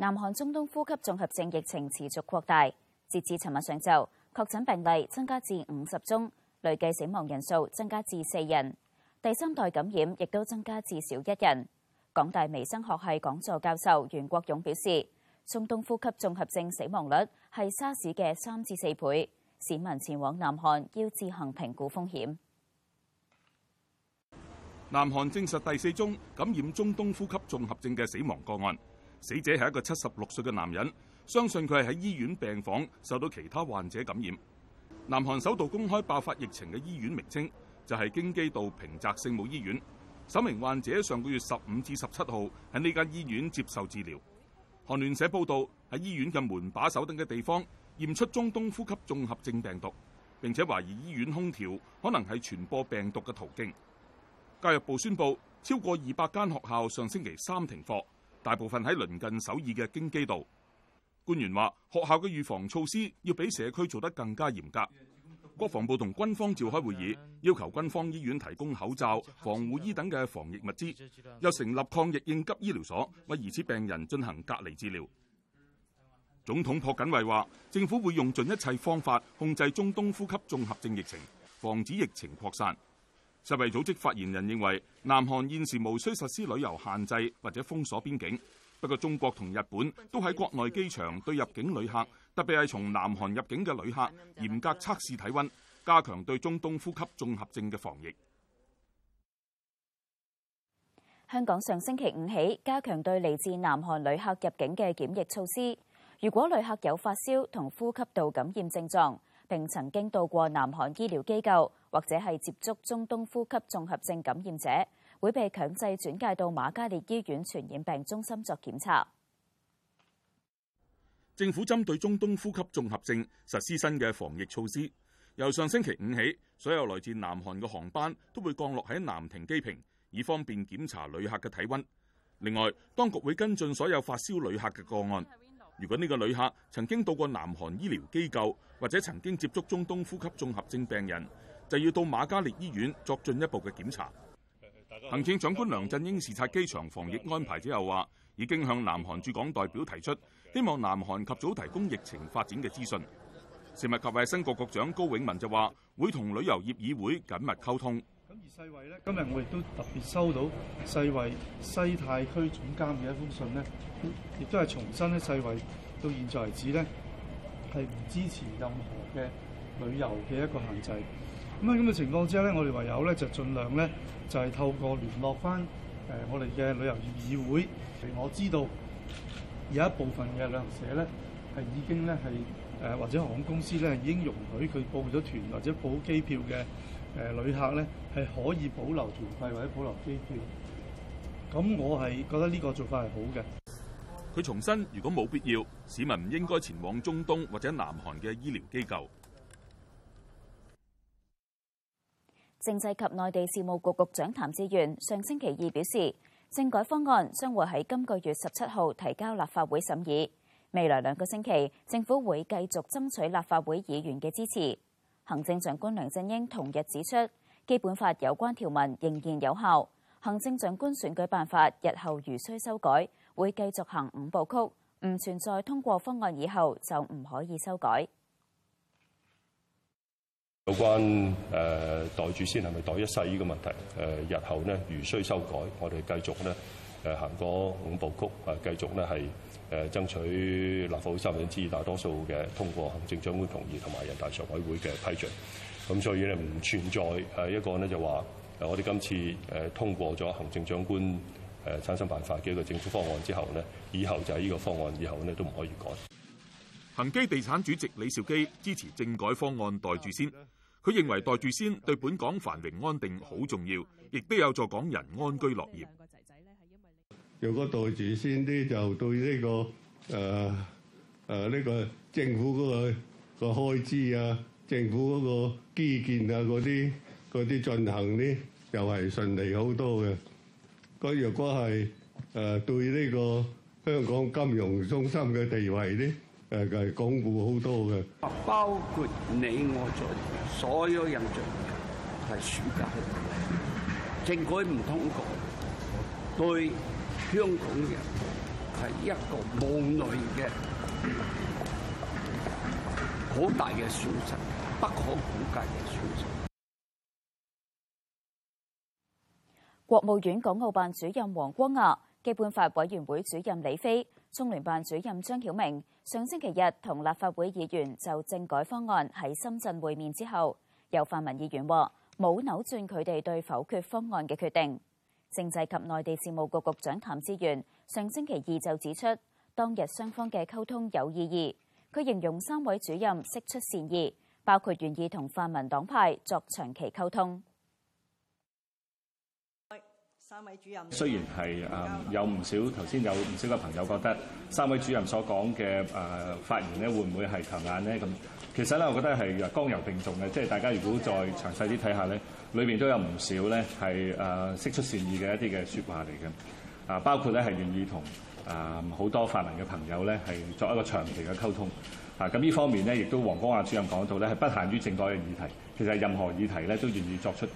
南韓中東呼吸綜合症疫情持續擴大，截至尋日上晝，確診病例增加至五十宗，累計死亡人數增加至四人，第三代感染亦都增加至少一人。港大微生物學系講座教授袁國勇表示，中東呼吸綜合症死亡率係沙士嘅三至四倍，市民前往南韓要自行評估風險。南韓證實第四宗感染中東呼吸綜合症嘅死亡個案。死者係一個七十六歲嘅男人，相信佢係喺醫院病房受到其他患者感染。南韓首度公開爆發疫情嘅醫院名稱就係京畿道平澤聖母醫院。首名患者上個月十五至十七號喺呢間醫院接受治療。韓聯社報道，喺醫院嘅門把手等嘅地方驗出中東呼吸綜合症病毒，並且懷疑醫院空調可能係傳播病毒嘅途徑。教育部宣布，超過二百間學校上星期三停課。大部分喺鄰近首爾嘅京畿道，官員話學校嘅預防措施要比社區做得更加嚴格。國防部同軍方召開會議，要求軍方醫院提供口罩、防護衣等嘅防疫物資，又成立抗疫應急醫療所，為疑似病人進行隔離治療。總統朴槿惠話，政府會用盡一切方法控制中東呼吸綜合症疫情，防止疫情擴散。世衛組織發言人認為，南韓現時無需實施旅遊限制或者封鎖邊境。不過，中國同日本都喺國內機場對入境旅客，特別係從南韓入境嘅旅客，嚴格測試體溫，加強對中東呼吸綜合症嘅防疫。香港上星期五起，加強對嚟自南韓旅客入境嘅檢疫措施。如果旅客有發燒同呼吸道感染症狀，並曾經到過南韓醫療機構，或者係接觸中東呼吸綜合症感染者，會被強制轉介到瑪嘉烈醫院傳染病中心作檢查。政府針對中東呼吸綜合症實施新嘅防疫措施，由上星期五起，所有來自南韓嘅航班都會降落喺南停機坪，以方便檢查旅客嘅體温。另外，當局會跟進所有發燒旅客嘅個案。如果呢個旅客曾經到過南韓醫療機構，或者曾經接觸中東呼吸綜合症病人，就要到瑪嘉烈醫院作進一步嘅檢查。行政長官梁振英視察機場防疫安排之後話，已經向南韓駐港代表提出，希望南韓及早提供疫情發展嘅資訊，食物及衛生局局長高永文就話會同旅遊業議會緊密溝通。咁而世衛咧，今日我亦都特別收到世衛西太區總監嘅一封信咧，亦都係重申咧，世衛到現在為止咧係唔支持任何嘅旅遊嘅一個限制。咁喺，咁嘅情況之下咧，我哋唯有咧就盡量咧就係、是、透過聯絡翻誒我哋嘅旅遊業議會，譬如我知道有一部分嘅旅行社咧係已經咧係誒或者航空公司咧已經容許佢報咗團或者報機票嘅。誒、呃、旅客咧係可以保留團費或者保留機票，咁我係覺得呢個做法係好嘅。佢重申，如果冇必要，市民唔應該前往中東或者南韓嘅醫療機構。政制及內地事務局局長譚志源上星期二表示，政改方案將會喺今個月十七號提交立法會審議。未來兩個星期，政府會繼續爭取立法會議員嘅支持。行政長官梁振英同日指出，基本法有關條文仍然有效。行政長官選舉辦法日後如需修改，會繼續行五步曲，唔存在通過方案以後就唔可以修改。有關誒袋住先係咪袋一世呢個問題，誒日後呢如需修改，我哋繼續呢誒行過五步曲，誒繼續呢係。誒爭取立法會三分之二大多數嘅通過，行政長官同意同埋人大常委會嘅批准，咁所以咧唔存在誒一個呢就話，我哋今次誒通過咗行政長官誒產生辦法嘅一個政府方案之後呢，以後就係呢個方案，以後呢都唔可以改。恒基地產主席李兆基支持政改方案待住先，佢認為待住先對本港繁榮安定好重要，亦都有助港人安居樂業。若果袋住先啲，就對呢個誒誒呢個政府嗰個個開支啊，政府嗰個基建啊嗰啲嗰啲進行咧，又係順利好多嘅。咁若果係誒對呢個香港金融中心嘅地位咧，誒係鞏固好多嘅。包括你我在所有人在係暑假，政改唔通過對香港人係一個無奈嘅、好大嘅損失，不可估計嘅損失。國務院港澳辦主任王光亞、基本法委員會主任李飛、中聯辦主任張曉明上星期日同立法會議員就政改方案喺深圳會面之後，有泛民議員話冇扭轉佢哋對否決方案嘅決定。政制及內地事務局局長譚志源上星期二就指出，當日雙方嘅溝通有意義。佢形容三位主任釋出善意，包括願意同泛民黨派作長期溝通。三位主任雖然係啊有唔少頭先有唔少嘅朋友覺得三位主任所講嘅誒發言咧會唔會係強硬呢？咁，其實咧我覺得係啊剛柔並重嘅，即係大家如果再詳細啲睇下咧。裏面都有唔少咧，係誒釋出善意嘅一啲嘅説話嚟嘅，啊包括咧係願意同啊好多泛民嘅朋友咧係作一個長期嘅溝通，啊咁呢方面咧亦都王光亞主任講到咧係不限於政改嘅議題，其實任何議題咧都願意作出誒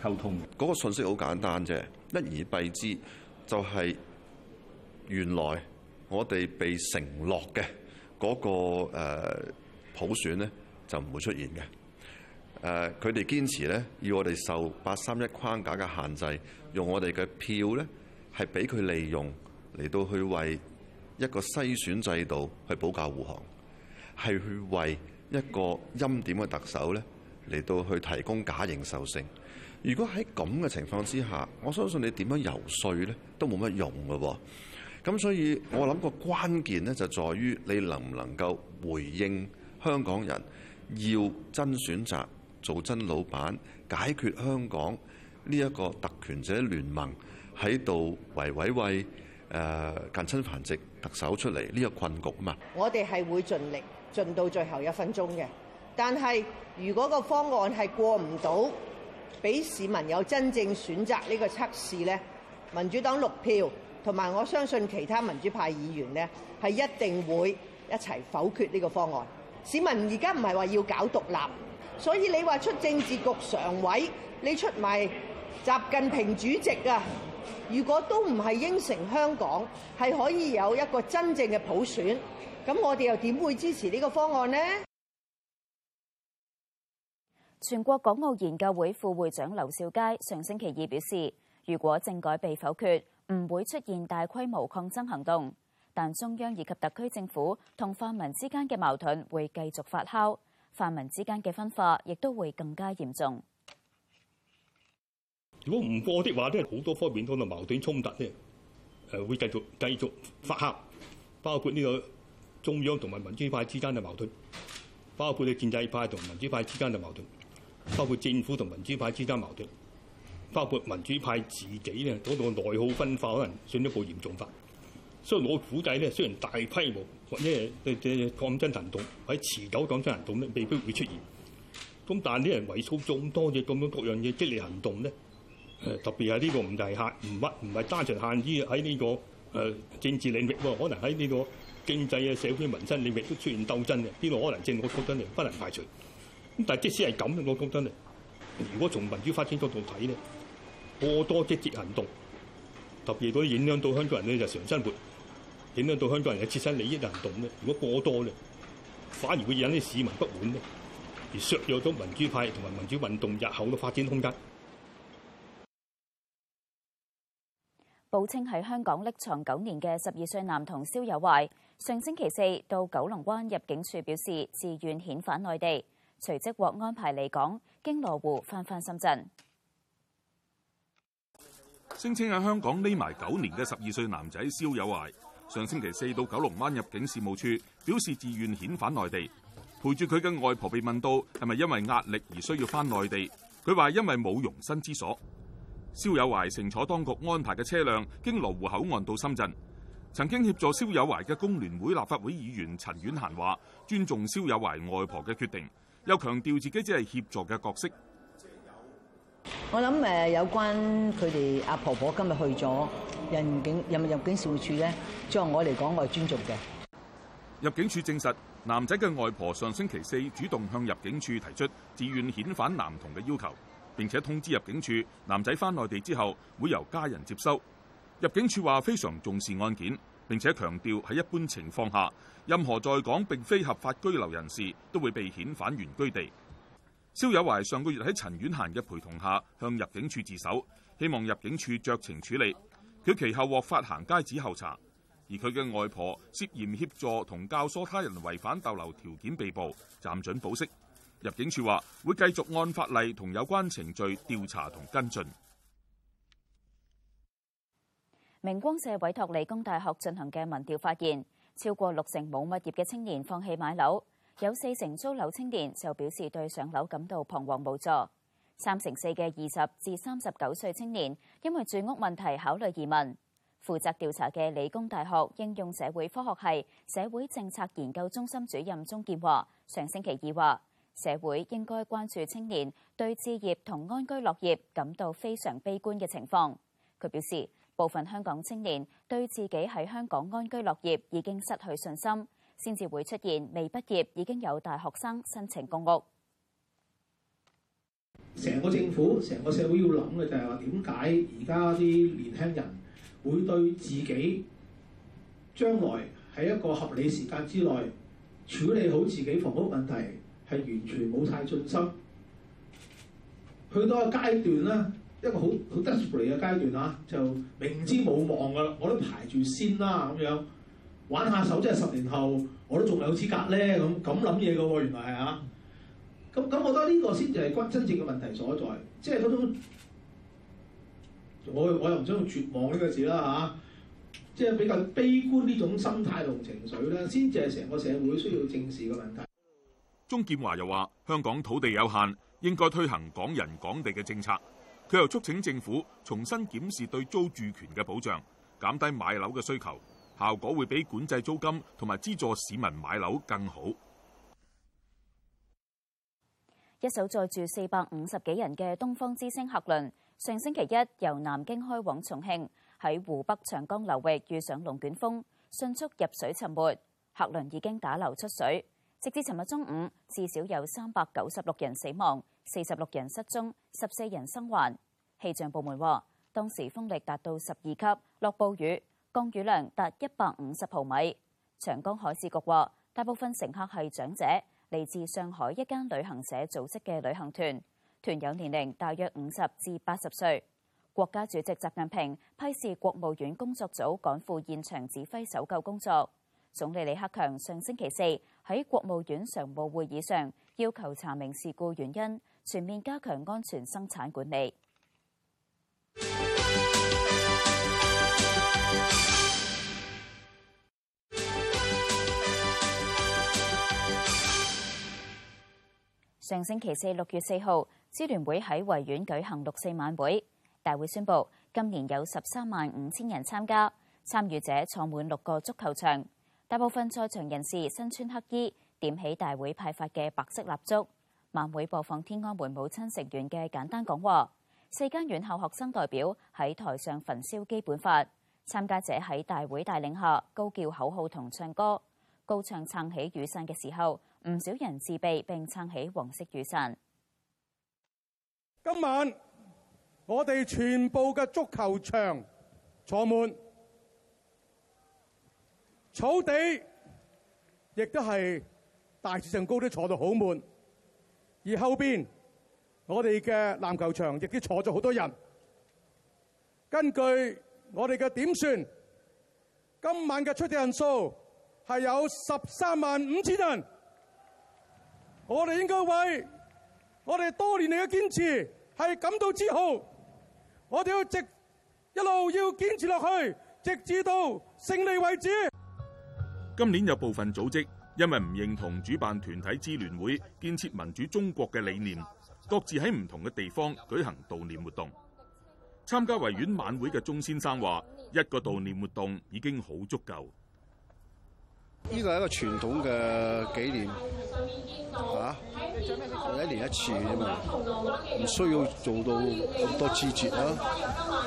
溝通，嗰個訊息好簡單啫，一言蔽之就係、是、原來我哋被承諾嘅嗰個普選咧就唔會出現嘅。誒，佢哋堅持咧，要我哋受八三一框架嘅限制，用我哋嘅票咧，係俾佢利用嚟到去為一個篩選制度去保駕護航，係去為一個欽點嘅特首咧嚟到去提供假認受性。如果喺咁嘅情況之下，我相信你點樣游説咧都冇乜用噶噃。咁所以，我諗個關鍵咧就在於你能唔能夠回應香港人要真選擇。做真老闆解決香港呢一個特權者聯盟喺度為偉為誒、呃、近親繁殖特首出嚟呢個困局啊嘛！我哋係會盡力盡到最後一分鐘嘅，但係如果個方案係過唔到，俾市民有真正選擇呢個測試咧，民主黨六票同埋，我相信其他民主派議員咧係一定會一齊否決呢個方案。市民而家唔係話要搞獨立。所以你話出政治局常委，你出埋習近平主席啊，如果都唔係應承香港，係可以有一個真正嘅普選，咁我哋又點會支持呢個方案呢？全國港澳研究會副會長劉兆佳上星期二表示，如果政改被否決，唔會出現大規模抗爭行動，但中央以及特區政府同泛民之間嘅矛盾會繼續發酵。泛民之間嘅分化亦都會更加嚴重。如果唔過的話咧，好多方面可能矛盾衝突咧，誒會繼續繼續發酵，包括呢個中央同埋民主派之間嘅矛盾，包括你建制派同民主派之間嘅矛盾，包括政府同民主派之間矛盾，包括民主派自己咧嗰度內耗分化，可能進一步嚴重化。所以我估計咧，雖然大規模或者誒誒抗爭行動喺持久抗爭行動咧未必會出現，咁但係啲人為數眾多嘅咁樣各樣嘅激烈行動咧，誒特別係呢個唔係限唔乜唔係單純限於喺呢個誒政治領域喎，可能喺呢個經濟啊社會民生領域都出現鬥爭嘅，呢個可能正我覺得咧不能排除。咁但即使係咁咧，我覺得咧，如果從民主發展角度睇咧，過多，多激烈行動，特別嗰啲影響到香港人嘅日常生活。點樣對香港人嘅切身利益行動咧？如果過多咧，反而會引起市民不滿咧，而削弱咗民主派同埋民主運動日後嘅發展空間。報稱喺香港匿藏九年嘅十二歲男童肖友懷，上星期四到九龍灣入境處表示自願遣返內地，隨即獲安排離港，經羅湖翻返深圳。聲稱喺香港匿埋九年嘅十二歲男仔肖友懷。上星期四到九龍灣入境事務處表示自願遣返內地，陪住佢嘅外婆，被問到係咪因為壓力而需要翻內地，佢話因為冇容身之所。肖友懷乘坐當局安排嘅車輛經羅湖口岸到深圳。曾經協助肖友懷嘅工聯會立法會議員陳婉嫻話尊重肖友懷外婆嘅決定，又強調自己只係協助嘅角色。我諗有關佢哋阿婆婆今日去咗。入境入入境事務處咧，即係我嚟講，我係尊重嘅入境處證實，男仔嘅外婆上星期四主動向入境處提出自願遣返男童嘅要求，並且通知入境處男仔返內地之後會由家人接收。入境處話非常重視案件，並且強調喺一般情況下，任何在港並非合法居留人士都會被遣返原居地。肖友懷上個月喺陳婉嫻嘅陪同下向入境處自首，希望入境處酌情處理。佢其後獲發行街紙候查，而佢嘅外婆涉嫌協助同教唆他人違反逗留條件被捕，暫准保釋。入境處話會繼續按法例同有關程序調查同跟進。明光社委託理工大學進行嘅民調發現，超過六成冇物業嘅青年放棄買樓，有四成租樓青年就表示對上樓感到彷徨無助。三成四嘅二十至三十九歲青年因為住屋問題考慮移民。負責調查嘅理工大學應用社會科學系社會政策研究中心主任鍾建華，上星期二話，社會應該關注青年對置業同安居樂業感到非常悲觀嘅情況。佢表示，部分香港青年對自己喺香港安居樂業已經失去信心，先至會出現未畢業已經有大學生申請公屋。成個政府、成個社會要諗嘅就係話點解而家啲年輕人會對自己將來喺一個合理時間之內處理好自己房屋問題係完全冇晒信心，去到個階段啦，一個好好 desperate 嘅階段啊，就明知冇望㗎啦，我都排住先啦咁樣，玩下手即係十年後我都仲有資格咧咁咁諗嘢嘅喎，原來係啊！咁咁，我覺得呢個先至係真真正嘅問題所在，即係嗰種我我又唔想用絕望呢個字啦嚇，即係比較悲觀呢種心態同情緒咧，先至係成個社會需要正視嘅問題。鍾建華又話：香港土地有限，應該推行港人港地嘅政策。佢又促請政府重新檢視對租住權嘅保障，減低買樓嘅需求，效果會比管制租金同埋資助市民買樓更好。一艘載住四百五十幾人嘅東方之星客輪，上星期一由南京開往重慶，喺湖北長江流域遇上龍捲風，迅速入水沉沒。客輪已經打撈出水，直至尋日中午，至少有三百九十六人死亡，四十六人失蹤，十四人生還。氣象部門話，當時風力達到十二級，落暴雨，降雨量達一百五十毫米。長江海事局話，大部分乘客係長者。嚟自上海一間旅行社組織嘅旅行團，團友年齡大約五十至八十歲。國家主席習近平批示，國務院工作組趕赴現場指揮搜救工作。總理李克強上星期四喺國務院常務會議上要求查明事故原因，全面加強安全生產管理。上星期四六月四號支聯會喺維園舉行六四晚會，大會宣布今年有十三萬五千人參加，參與者坐滿六個足球場。大部分在場人士身穿黑衣，點起大會派發嘅白色蠟燭。晚會播放天安門母親成員嘅簡單講話，四間院校學生代表喺台上焚燒基本法。參加者喺大會帶領下高叫口號同唱歌，高唱撐起雨傘嘅時候。唔少人自備並撐起黃色雨傘。今晚我哋全部嘅足球場坐滿草地，亦都係大致上高都坐到好滿。而後邊我哋嘅籃球場亦都坐咗好多人。根據我哋嘅點算，今晚嘅出席人數係有十三萬五千人。我哋應該為我哋多年嚟嘅堅持係感到自豪。我哋要一路要堅持落去，直至到勝利為止。今年有部分組織因為唔認同主辦團體支聯會建設民主中國嘅理念，各自喺唔同嘅地方舉行悼念活動。參加維園晚會嘅鍾先生話：一個悼念活動已經好足夠。呢個係一個傳統嘅紀念。嚇、啊，就一年一次啫嘛，唔需要做到咁多肢節啦。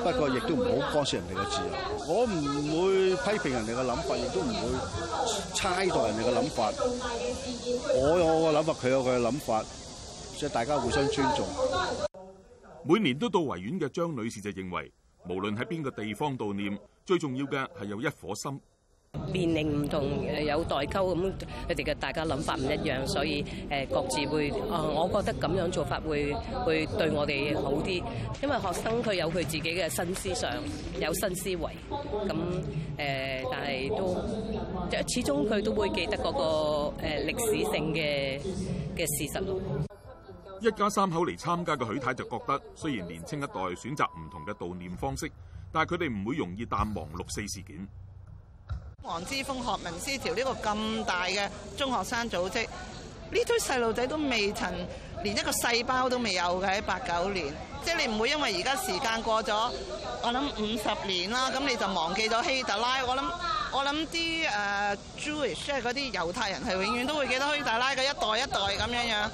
不過亦都唔好干涉人哋嘅自由。我唔會批評人哋嘅諗法，亦都唔會猜度人哋嘅諗法。我有我嘅諗法，佢有佢嘅諗法，即係大家互相尊重。每年都到維園嘅張女士就認為，無論喺邊個地方悼念，最重要嘅係有一顆心。年齡唔同，有代溝咁，佢哋嘅大家諗法唔一樣，所以誒各自會啊，我覺得咁樣做法會會對我哋好啲，因為學生佢有佢自己嘅新思想，有新思維，咁誒，但係都始終佢都會記得嗰個誒歷史性嘅嘅事實咯。一家三口嚟參加嘅許太就覺得，雖然年青一代選擇唔同嘅悼念方式，但係佢哋唔會容易淡忘六四事件。黃之鋒學民思潮呢個咁大嘅中學生組織，呢堆細路仔都未曾連一個細胞都未有嘅，喺八九年，即係你唔會因為而家時間過咗，我諗五十年啦，咁你就忘記咗希特拉。我諗我諗啲誒 Jewish，即係嗰啲猶太人係永遠都會記得希特拉嘅一代一代咁樣樣。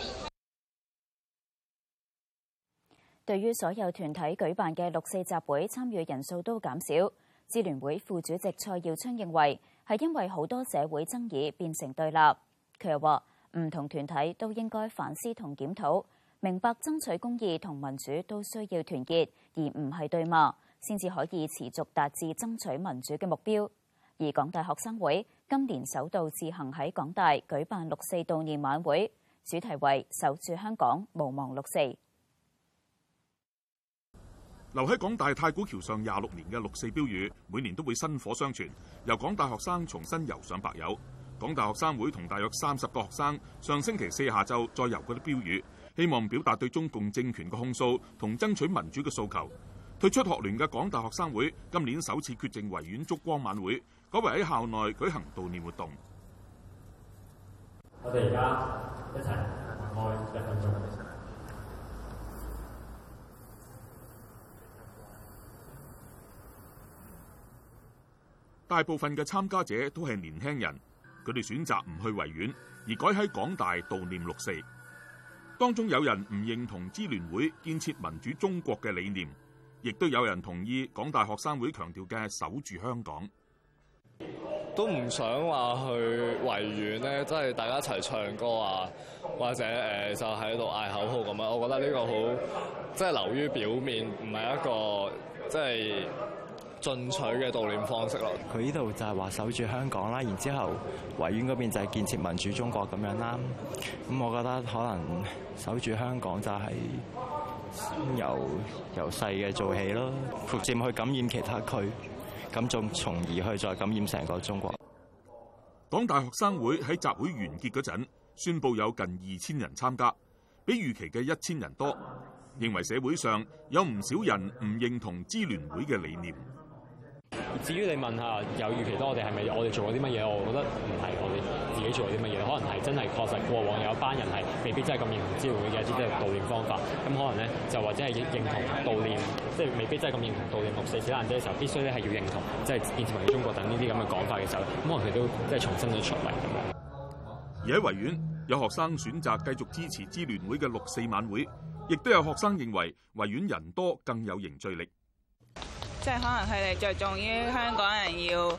對於所有團體舉辦嘅六四集會，參與人數都減少。支聯會副主席蔡耀昌認為係因為好多社會爭議變成對立，佢又話唔同團體都應該反思同檢討，明白爭取公義同民主都需要團結，而唔係對罵，先至可以持續達至爭取民主嘅目標。而港大學生會今年首度自行喺港大舉辦六四悼念晚會，主題為守住香港，無忘六四。留喺港大太古橋上廿六年嘅六四標語，每年都會薪火相傳，由港大學生重新油上白油。港大學生會同大約三十個學生上星期四下晝再遊嗰啲標語，希望表達對中共政權嘅控訴同爭取民主嘅訴求。退出學聯嘅港大學生會今年首次決定維園燭光晚會改為喺校內舉行悼念活動。大部分嘅參加者都係年輕人，佢哋選擇唔去維園，而改喺港大悼念六四。當中有人唔認同支聯會建設民主中國嘅理念，亦都有人同意港大學生會強調嘅守住香港。都唔想話去維園咧，即係大家一齊唱歌啊，或者誒就喺度嗌口號咁樣。我覺得呢個好即係流於表面，唔係一個即係。即係進取嘅悼念方式咯。佢呢度就係話守住香港啦，然之後維園嗰邊就係建設民主中國咁樣啦。咁我覺得可能守住香港就係由由細嘅做起咯，逐漸去感染其他區，咁就從而去再感染成個中國。港大學生會喺集會完結嗰陣宣佈有近二千人參加，比預期嘅一千人多。認為社會上有唔少人唔認同支聯會嘅理念。至於你問下有預期多，我哋係咪我哋做過啲乜嘢？我覺得唔係我哋自己做過啲乜嘢，可能係真係確實過往，往有一班人係未必真係咁認同支聯會嘅一啲即係悼念方法。咁、嗯、可能咧就或者係認認同悼念，即、就、係、是、未必真係咁認同悼念六四死難者嘅時候，必須咧係要認同，即係變成為中國等呢啲咁嘅講法嘅時候。咁、嗯、可能佢都即係、就是、重新咗出嚟。而喺維園，有學生選擇繼續支持支聯會嘅六四晚會，亦都有學生認為維園人多更有凝聚力。即係可能佢哋着重於香港人要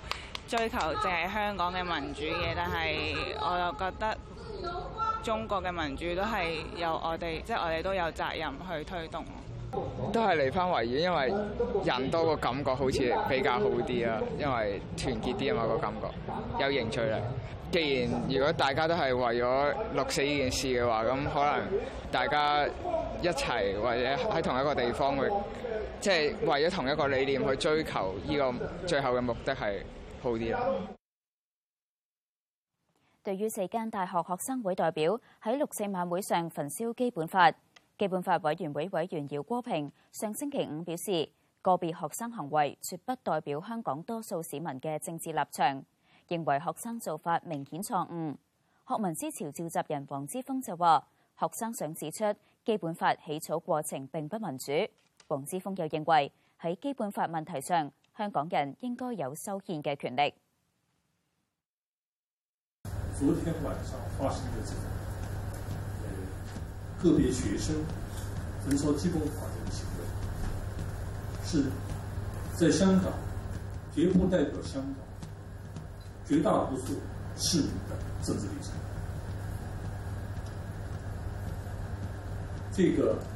追求淨係香港嘅民主嘅，但係我又覺得中國嘅民主都係由我哋，即係我哋都有責任去推動。都係嚟翻維園，因為人多個感覺好似比較好啲啊，因為團結啲啊嘛，個感覺，有凝聚力。既然如果大家都係為咗六四呢件事嘅話，咁可能大家一齊或者喺同一個地方會。即係為咗同一個理念去追求呢個最後嘅目的係好啲啦。對於四間大學學生會代表喺六四晚會上焚燒基本法，基本法委員會委員饒戈平上星期五表示，個別學生行為絕不代表香港多數市民嘅政治立場，認為學生做法明顯錯誤。學民思潮召集人黃之鋒就話，學生想指出基本法起草過程並不民主。黃之鋒又認為喺基本法問題上，香港人應該有修憲嘅權力。昨天晚上發生嘅這個呃個別學生焚燒基本法嘅行為，是在香港絕不代表香港絕大多數市民的政治理想。這個。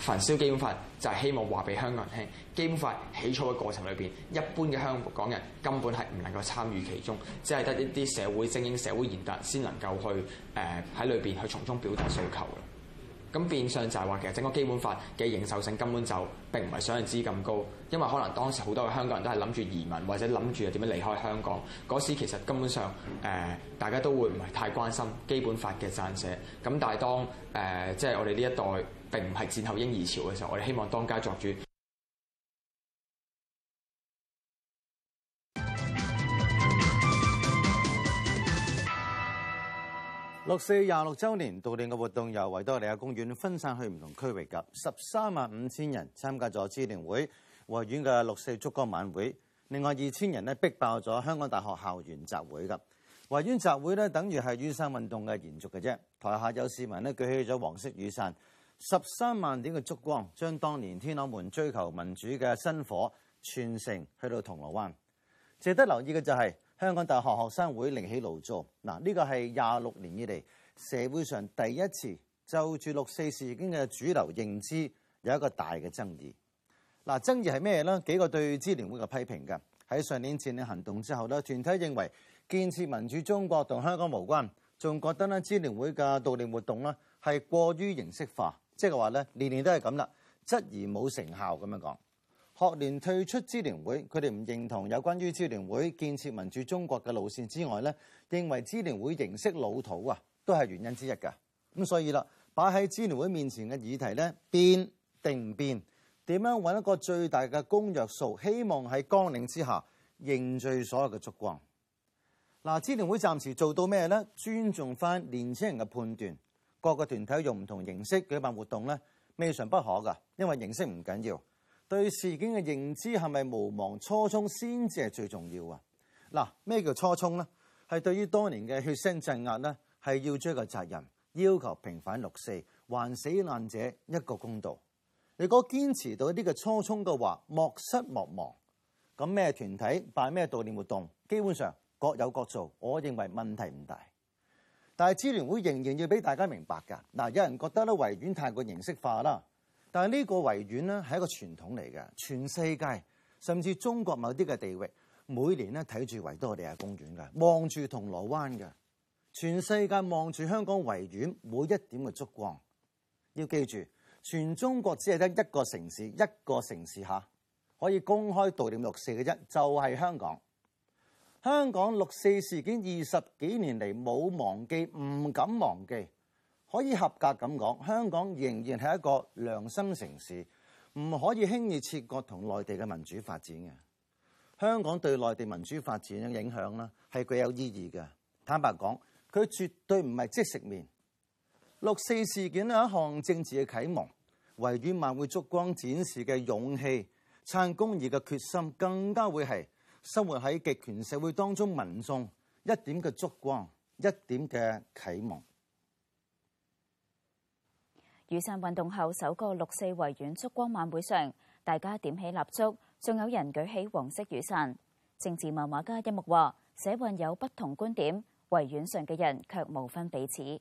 焚燒基本法就係希望話俾香港人聽，基本法起草嘅過程裏面，一般嘅香港人根本係唔能夠參與其中，只係得一啲社會精英、經社會賢達先能夠去呃、喺裏面去從中表達訴求。咁變相就係話，其實整個基本法嘅認受性根本就並唔係想像中咁高，因為可能當時好多嘅香港人都係諗住移民或者諗住點樣離開香港。嗰時其實根本上，呃、大家都會唔係太關心基本法嘅撰寫。咁但係當即係、呃就是、我哋呢一代並唔係戰後嬰兒潮嘅時候，我哋希望當家作主。六四廿六周年悼念嘅活動由維多利亞公園分散去唔同區域，及十三萬五千人參加咗支聯會維園嘅六四燭光晚會，另外二千人咧逼爆咗香港大學校園集會。噶維園集會咧，等於係雨傘運動嘅延續嘅啫。台下有市民咧舉起咗黃色雨傘，十三萬點嘅燭光，將當年天安門追求民主嘅薪火串成去到銅鑼灣。值得留意嘅就係、是。香港大學學生會另起爐灶。嗱，呢個係廿六年以嚟社會上第一次就住六四事件嘅主流認知有一個大嘅爭議。嗱，爭議係咩呢？幾個對支聯會嘅批評㗎，喺上年佔領行動之後呢，團體認為建設民主中國同香港無關，仲覺得呢，支聯會嘅悼念活動呢，係過於形式化，即係話咧，年年都係咁啦，質疑冇成效咁樣講。學聯退出支聯會，佢哋唔認同有關於支聯會建設民主中國嘅路線之外咧，認為支聯會形式老土啊，都係原因之一㗎。咁所以啦，擺喺支聯會面前嘅議題咧，變定唔變，點樣揾一個最大嘅公約數，希望喺綱領之下，凝聚所有嘅燭光。嗱，支聯會暫時做到咩咧？尊重翻年青人嘅判斷，各個團體用唔同形式舉辦活動咧，未嘗不可㗎，因為形式唔緊要。對事件嘅認知係咪無忘初衷先至係最重要啊？嗱，咩叫初衷呢？係對於當年嘅血腥鎮壓呢，係要追究責任，要求平反六四，還死難者一個公道。如果堅持到呢個初衷嘅話，莫失莫忘。咁咩團體辦咩悼念活動，基本上各有各做。我認為問題唔大。但係支聯會仍然要俾大家明白㗎。嗱，有人覺得咧，維園太過形式化啦。但係呢個維園呢係一個傳統嚟嘅，全世界甚至中國某啲嘅地域每年咧睇住維多利亞公園嘅，望住銅鑼灣嘅，全世界望住香港維園每一點嘅燭光。要記住，全中國只係得一個城市，一個城市嚇可以公開悼念六四嘅啫，就係香港。香港六四事件二十幾年嚟冇忘記，唔敢忘記。可以合格咁講，香港仍然係一個良心城市，唔可以輕易切割同內地嘅民主發展嘅。香港對內地民主發展嘅影響咧，係具有意義嘅。坦白講，佢絕對唔係即食麪。六四事件咧，係一項政治嘅啟蒙，維園萬匯燭光展示嘅勇氣、撐公義嘅決心，更加會係生活喺極權社會當中民眾一點嘅燭光、一點嘅啟蒙。雨傘運動後首個六四維園燭光晚會上，大家點起蠟燭，仲有人舉起黃色雨傘。政治漫畫家一木話：社運有不同觀點，維園上嘅人卻無分彼此。